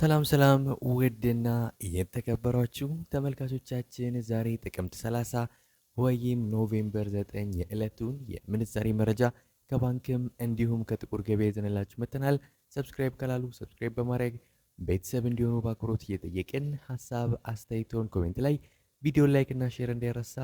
ሰላም ሰላም ውድና የተከበሯችሁ ተመልካቾቻችን ዛሬ ጥቅምት 30 ወይም ኖቬምበር 9 የዕለቱን የምንዛሬ መረጃ ከባንክም እንዲሁም ከጥቁር ገበያ ይዘንላችሁ መጥተናል። ሰብስክራይብ ካላሉ ሰብስክራይብ በማድረግ ቤተሰብ እንዲሆኑ በአክብሮት እየጠየቅን ሀሳብ አስተያየቶን ኮሜንት ላይ ቪዲዮ ላይክ እና ሼር እንዳይረሳ።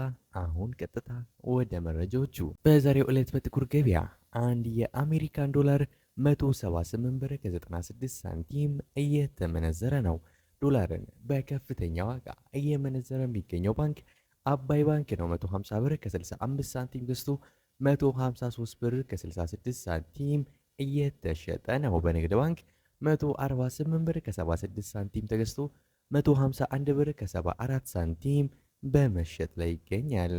አሁን ቀጥታ ወደ መረጃዎቹ። በዛሬው ዕለት በጥቁር ገበያ አንድ የአሜሪካን ዶላር 178 ብር ከ96 ሳንቲም እየተመነዘረ ነው። ዶላርን በከፍተኛ ዋጋ እየመነዘረ የሚገኘው ባንክ አባይ ባንክ ነው። 150 ብር ከ65 ሳንቲም ገዝቶ 153 ብር ከ66 ሳንቲም እየተሸጠ ነው። በንግድ ባንክ 148 ብር ከ76 ሳንቲም ተገዝቶ 151 ብር ከ74 ሳንቲም በመሸጥ ላይ ይገኛል።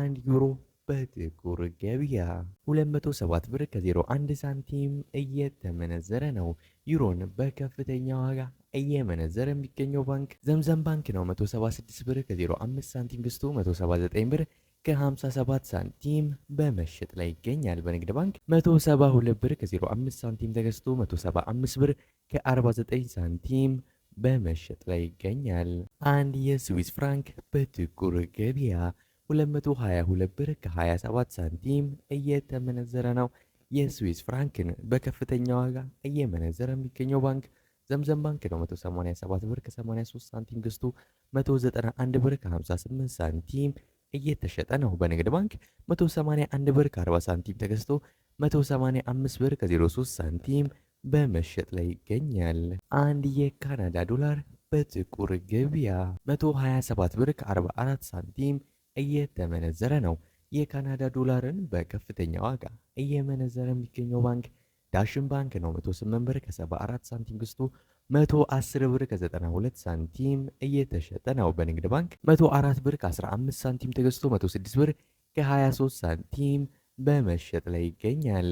አንድ ዩሮ በጥቁር ገበያ 207 ብር ከ01 ሳንቲም እየተመነዘረ ነው። ዩሮን በከፍተኛ ዋጋ እየመነዘረ የሚገኘው ባንክ ዘምዘም ባንክ ነው። 176 ብር ከ05 ሳንቲም ገዝቶ 179 ብር ከ57 ሳንቲም በመሸጥ ላይ ይገኛል። በንግድ ባንክ 172 ብር ከ05 ሳንቲም ተገዝቶ 175 ብር ከ49 ሳንቲም በመሸጥ ላይ ይገኛል። አንድ የስዊስ ፍራንክ በጥቁር ገበያ 222 ብር ከ27 ሳንቲም እየተመነዘረ ነው። የስዊስ ፍራንክን በከፍተኛ ዋጋ እየመነዘረ የሚገኘው ባንክ ዘምዘም ባንክ ነው። 187 ብር ከ83 ሳንቲም ገዝቶ 191 ብር ከ58 ሳንቲም እየተሸጠ ነው። በንግድ ባንክ 181 ብር ከ40 ሳንቲም ተገዝቶ 185 ብር ከ03 ሳንቲም በመሸጥ ላይ ይገኛል። አንድ የካናዳ ዶላር በጥቁር ገበያ 127 ብር ከ44 ሳንቲም እየተመነዘረ ነው። የካናዳ ዶላርን በከፍተኛ ዋጋ እየመነዘረ የሚገኘው ባንክ ዳሽን ባንክ ነው። 108 ብር ከ74 ሳንቲም ገዝቶ 110 ብር ከ92 ሳንቲም እየተሸጠ ነው። በንግድ ባንክ 104 ብር ከ15 ሳንቲም ተገዝቶ 106 ብር ከ23 ሳንቲም በመሸጥ ላይ ይገኛል።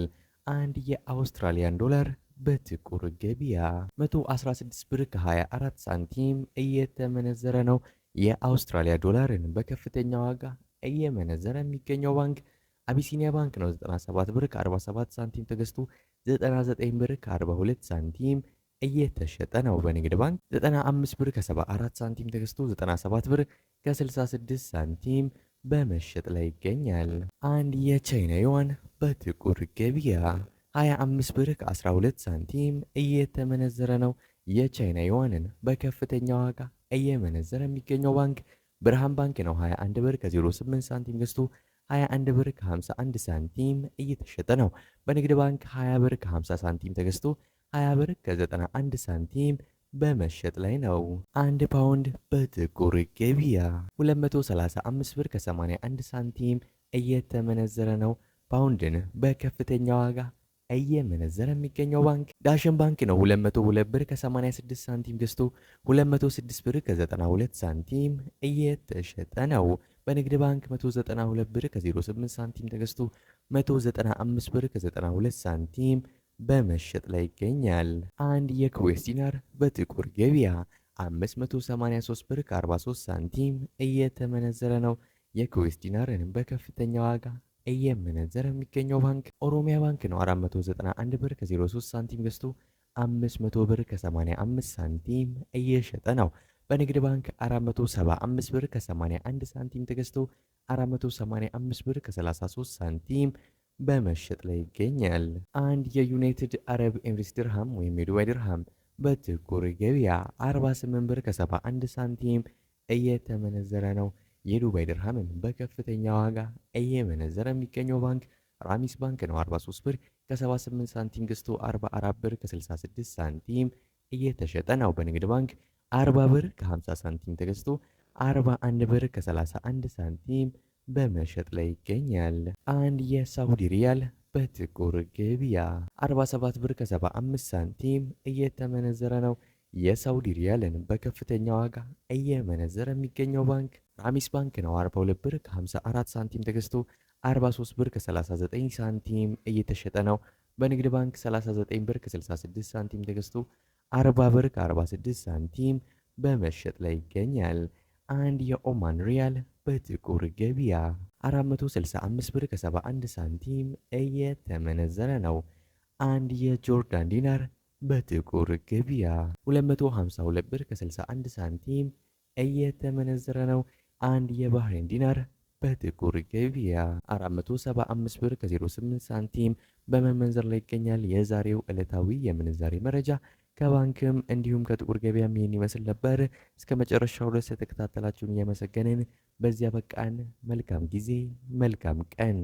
አንድ የአውስትራሊያን ዶላር በጥቁር ገበያ 116 ብር ከ24 ሳንቲም እየተመነዘረ ነው። የአውስትራሊያ ዶላርን በከፍተኛ ዋጋ እየመነዘረ የሚገኘው ባንክ አቢሲኒያ ባንክ ነው። 97 ብር ከ47 ሳንቲም ተገዝቶ 99 ብር ከ42 ሳንቲም እየተሸጠ ነው። በንግድ ባንክ 95 ብር ከ74 ሳንቲም ተገዝቶ 97 ብር ከ66 ሳንቲም በመሸጥ ላይ ይገኛል። አንድ የቻይና ዩዋን በጥቁር ገበያ 25 ብር ከ12 ሳንቲም እየተመነዘረ ነው። የቻይና ዩዋንን በከፍተኛ ዋጋ እየመነዘረ የሚገኘው ባንክ ብርሃን ባንክ ነው። 21 ብር ከ08 ሳንቲም ገዝቶ 21 ብር ከ51 ሳንቲም እየተሸጠ ነው። በንግድ ባንክ 20 ብር ከ50 ሳንቲም ተገዝቶ 20 ብር ከ91 ሳንቲም በመሸጥ ላይ ነው። አንድ ፓውንድ በጥቁር ገበያ 235 ብር ከ81 ሳንቲም እየተመነዘረ ነው። ፓውንድን በከፍተኛ ዋጋ እየመነዘረ የሚገኘው ባንክ ዳሽን ባንክ ነው። 202 ብር ከ86 ሳንቲም ገዝቶ 206 ብር ከ92 ሳንቲም እየተሸጠ ነው። በንግድ ባንክ 192 ብር ከ08 ሳንቲም ተገዝቶ 195 ብር ከ92 ሳንቲም በመሸጥ ላይ ይገኛል። አንድ የኩዌስ ዲናር በጥቁር ገበያ 583 ብር ከ43 ሳንቲም እየተመነዘረ ነው። የኩዌስ ዲናርንም በከፍተኛ ዋጋ እየመነዘረ የሚገኘው ባንክ ኦሮሚያ ባንክ ነው። 491 ብር ከ03 ሳንቲም ገዝቶ 500 ብር ከ85 ሳንቲም እየሸጠ ነው። በንግድ ባንክ 475 ብር ከ81 ሳንቲም ተገዝቶ 485 ብር ከ33 ሳንቲም በመሸጥ ላይ ይገኛል። አንድ የዩናይትድ አረብ ኤምሬትስ ድርሃም ወይም የዱባይ ድርሃም በጥቁር ገበያ 48 ብር ከ71 ሳንቲም እየተመነዘረ ነው። የዱባይ ድርሃምን በከፍተኛ ዋጋ እየመነዘረ የሚገኘው ባንክ ራሚስ ባንክ ነው። 43 ብር ከ78 ሳንቲም ገዝቶ 44 ብር ከ66 ሳንቲም እየተሸጠ ነው። በንግድ ባንክ 40 ብር ከ50 ሳንቲም ተገዝቶ 41 ብር ከ31 ሳንቲም በመሸጥ ላይ ይገኛል። አንድ የሳውዲ ሪያል በጥቁር ገበያ 47 ብር ከ75 ሳንቲም እየተመነዘረ ነው። የሳውዲ ሪያልን በከፍተኛ ዋጋ እየመነዘረ የሚገኘው ባንክ አሚስ ባንክ ነው 42 ብር ከ54 ሳንቲም ተገዝቶ 43 ብር ከ39 ሳንቲም እየተሸጠ ነው። በንግድ ባንክ 39 ብር ከ66 ሳንቲም ተገዝቶ 40 ብር ከ46 ሳንቲም በመሸጥ ላይ ይገኛል። አንድ የኦማን ሪያል በጥቁር ገቢያ 465 ብር ከ71 ሳንቲም እየተመነዘረ ነው። አንድ የጆርዳን ዲናር በጥቁር ገቢያ 252 ብር ከ61 ሳንቲም እየተመነዘረ ነው። አንድ የባህሬን ዲናር በጥቁር ገቢያ 475 ብር ከ08 ሳንቲም በመመንዘር ላይ ይገኛል። የዛሬው ዕለታዊ የምንዛሬ መረጃ ከባንክም እንዲሁም ከጥቁር ገበያ ይህን ይመስል ነበር። እስከ መጨረሻው ድረስ የተከታተላችሁን እያመሰገንን በዚያ በቃን። መልካም ጊዜ፣ መልካም ቀን